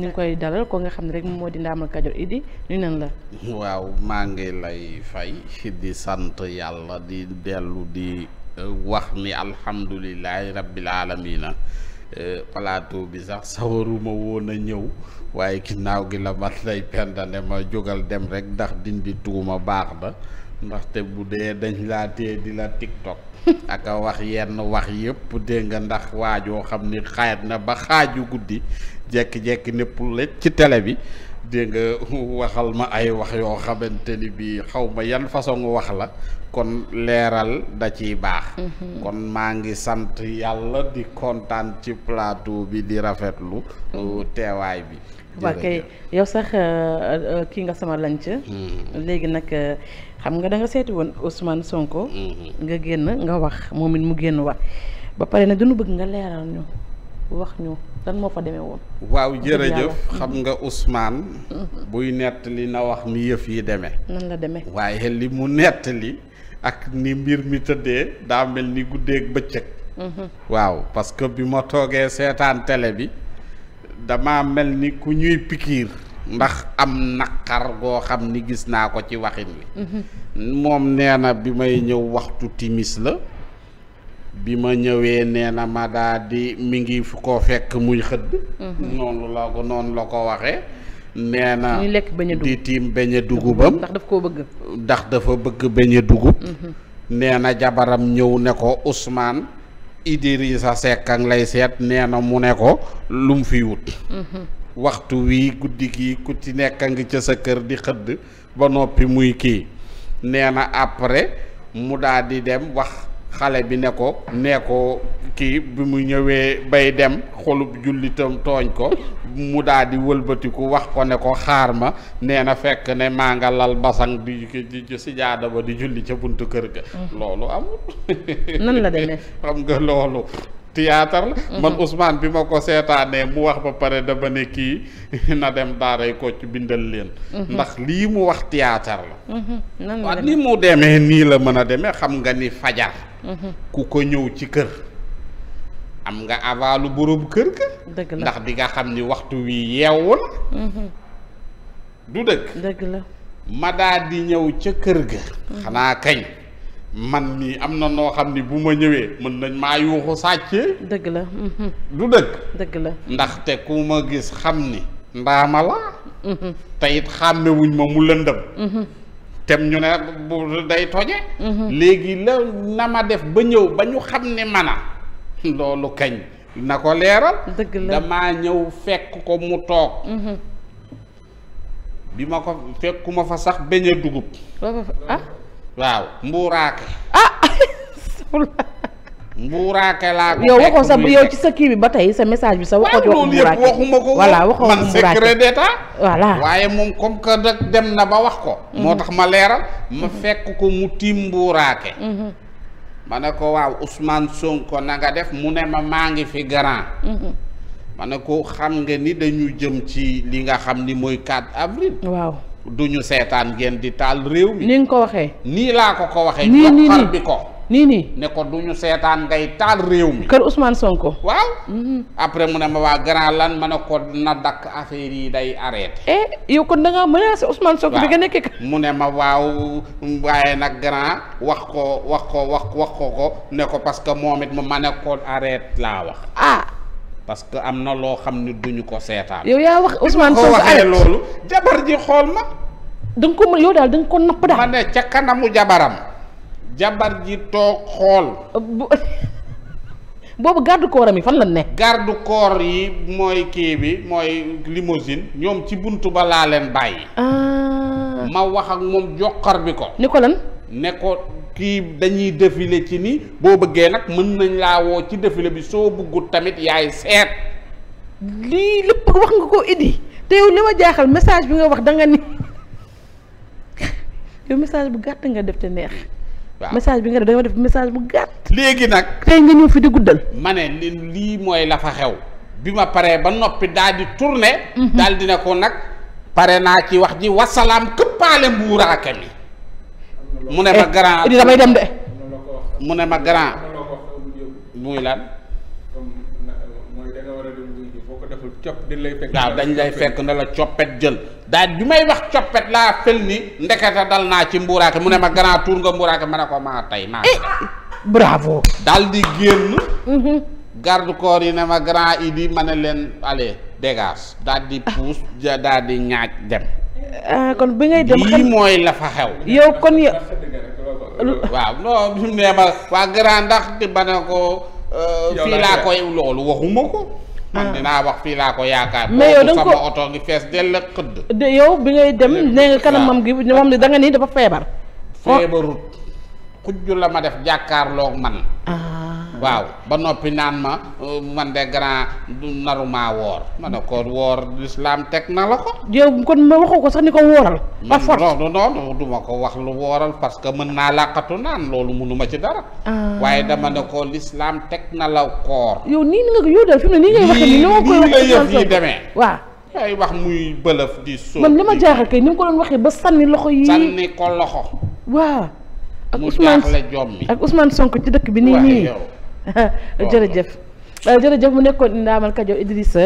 ñu koy dalal ko nga xam ne rek moo di Ndamal Kajoor Idi ñu nan la. waaw maa ngi lay fay di sant yàlla di dellu di eh, wax ni alhamdulilahi rabbil alamina eh, palaato bi sax sawaruma woon a ñëw waaye kinaaw gi la mat lay penda ne ma jógal dem rek ndax dindi tuuma baax na. ndaxte bu dee dañ laa tee di la tiktok ak a wax yenn wax yëpp dégg nga ndax waajoo xam ni xaayat na ba xaaju guddi jekki-jekki népp la ci tele bi dégg nga waxal ma ay wax yoo xamante ni bii xaw ma yan façon wax la kon leeral da ciy baax. Mhm. kon maa ngi sant yàlla di kontaan ci plateau bi di rafetlu. Mhm. Uh, teewaay bi. waa kay yow sax uh, uh, kii nga sama lanc mhm. léegi nag xam nga da nga seeti woon Ousmane Sonko. nga génn nga wax moom it mu génn wax ba pare nag dañu bëgg nga leeral ñu. wax ñu lan waaw jërëjëf xam nga Ousmane. buy nettali na wax ni yëf yi demee. waaye li mu nettali ak ni mbir mi tëddee daa mel ni guddeeg bëccëg. Mhm. waaw parce que bi ma toogee seetaan tele bi damaa mel ni ku ñuy pikiir. ndax am naqar goo xam ni gis naa ko ci waxit wi. Mhm. moom nee na bi may ñëw waxtu timis la. bi ma ñëwee nee na ma daa di mi ngi fu ko fekk muy xëdd mhm. noonu la ko noonu la ko waxe nee na muy di tiim beñe dugubam ndax daf koo bëgg ndax dafa bëgg beñe dugub mhm. nee na jabaram ñëw ne ko Ousmane Idrissa Seck ak lay seet nee na mu ne ko lu mu fi wut mhm. waxtu wii guddi gi ku ci nekk a ngi ca sa kër di xëdd ba noppi muy kii nee na après mu daal di dem wax xale bi ne ko nee ko kii bi mu ñëwee bay dem xolub jullitam tooñ ko mu daal wëlbatiku wax ko ne ko xaar ma ne na fekk ne maa nga lal basang di di si ba di julli ca bunt kër ga mm-hmm. loolu amul nan la demee xam nga loolu théâtre la mm-hmm. man Ousmane bi ma ko seetaanee mu wax ba pare dama ne kii na dem daaray Kocc bindal leen mm-hmm. ndax lii mu wax théâtre la mm li mu demee nii la mën a demee xam nga ni fajar ku ko ñëw ci kër am nga avalu boroom kër ka dëgg la ndax di xam ni waxtu wi yeewu la mhm. du dëgg dëgg la ma daa di ñëw ca kër ga mhm. xanaa kañ man nii am na noo xam ni bu ma ñëwee mën nañ maa yuuxu sàccee dëgg la mhm. du dëgg dëgg la ndaxte ku ma gis xam ni ndaama la te it xàmmewuñ ma mu lëndëm tem ñu ne bu day toje mhm. léegi la na ma def ba ñëw ba ñu xam ne mana loolu kañ na ko leeral dëgg damaa ñëw fekk ko mu toog mhm. bi ma ko fekkuma fa sax beñe dugub ah. waaw mbuuraake ah mbuuraake laa ko yow waxoo sa yow ci sa kii bi ba tey sa message bi sa waxoo ci wax mbuuraake waxuma ko voilà waxoo man waaye moom comme que dem na ba wax ko mhm. moo tax ma leeral ma mhm. fekk ko mu tiim mbuuraake mhm. ma ne ko waaw Ousmane Sonko na nga def mu ne ma maa ngi fi grand ma ne ko xam nga ni dañu jëm ci li nga xam ni mooy 4 avril waaw duñu seetaan ngeen di taal réew mi ni nga ko waxee nii laa ko ko waxee nii nii bi ko nii nii ne ko du seetaan ngay taal réew mi. kër Ousmane Sonko. waaw. Mm-hmm. après mu ne ma waa grand lan ma ne ko na dakk affaire yi day arrêté. Eh, yow kon da mu ne ma waaw waaye nag grand wax ko wax ko wax wax ko ko ne ko parce que moom it ma ne ko arrêté laa ah. parce que am na loo xam ni duñu ko seetaan. yow yaa wax loolu. jabar ji xool ma. da ko yow daal da nga jabaram. jabar ji toog xool. boobu garde corps mi fan la ne. garde corps yi mooy kii bi mooy limousine ñoom ci buntu ba laa leen bàyyi. Ah. ma wax ak moom joxar bi ko. ni ko lan. ne ko kii dañuy défilé ci ni boo bëggee nag mën nañ laa woo ci défilé bi soo bëggut tamit yaay seet. lii lépp wax nga ko indi te yow li ma jaaxal message bi nga wax da nga ni yow message bu gàtt nga def te neex. message bi nga def da nga def message bu gàtt. léegi nag. tey nga ñëw fi di guddal. ma ne lii mooy la fa xew. bi ma paree ba noppi daal di tourné. Mhm. dal di ne ko nag pare naa ci wax ji wasalaam këppaale mbuuraake mi. mu ne ma eh, grand. idi damay dem de. mu ne ma grand. muy lan. cop dañ lay fekk waaw dañ lay fekk na la coppet jël daal bi wax coppet laa fel ni ndekete dal naa ci mbuuraake mu ne ma grand tour nga mbuuraake ma ne ko maa tey maa eh, bravo daal di génn mhm. garde corps yi ne ma grand idi ma ne leen allez dégage dal di ah. puus daal di ñaaj dem ah kon bi ngay dem lii mooy xew yow kon yow waaw non bi mu ma waa grand ndax di ba ne ko euh, fii laa koy loolu waxuma ko man ah. dinaa wax fii laa ko yaakaar. mais yow da nga ko oto ngi fees dell ak xëdd. de yow bi ngay dem eh, nee nga kanamam ah. gi moom da danga ni dafa feebar. feebarut kujj la ma def jàkkaarloog man. Ah. waaw ba noppi naan ma euh, man de grand naruma woor ma ne ko woor lislaam teg na la ko yow kon ma waxoo ko sax ni ko wooral par mm, force non non ko wax lu wooral parce que mën naa làqatu naan loolu mënuma ci dara ah. waaye dama ne ko lislaam teg na la koor yow nii nga ko yow de fi ne nii ngay waxee nii noo koy waxee yëf yi demee waaw ay wax muy bëlëf di soo man li ma jaaxal kay ni mu ko doon waxee ba sànni loxo yi sànni ko loxo waaw ak Ousmane mu jaaxle jom mi ak ci dëkk bi nii nii jërëjëf jërëjëf mu nekkoon Ndamal Kajoor Idrissa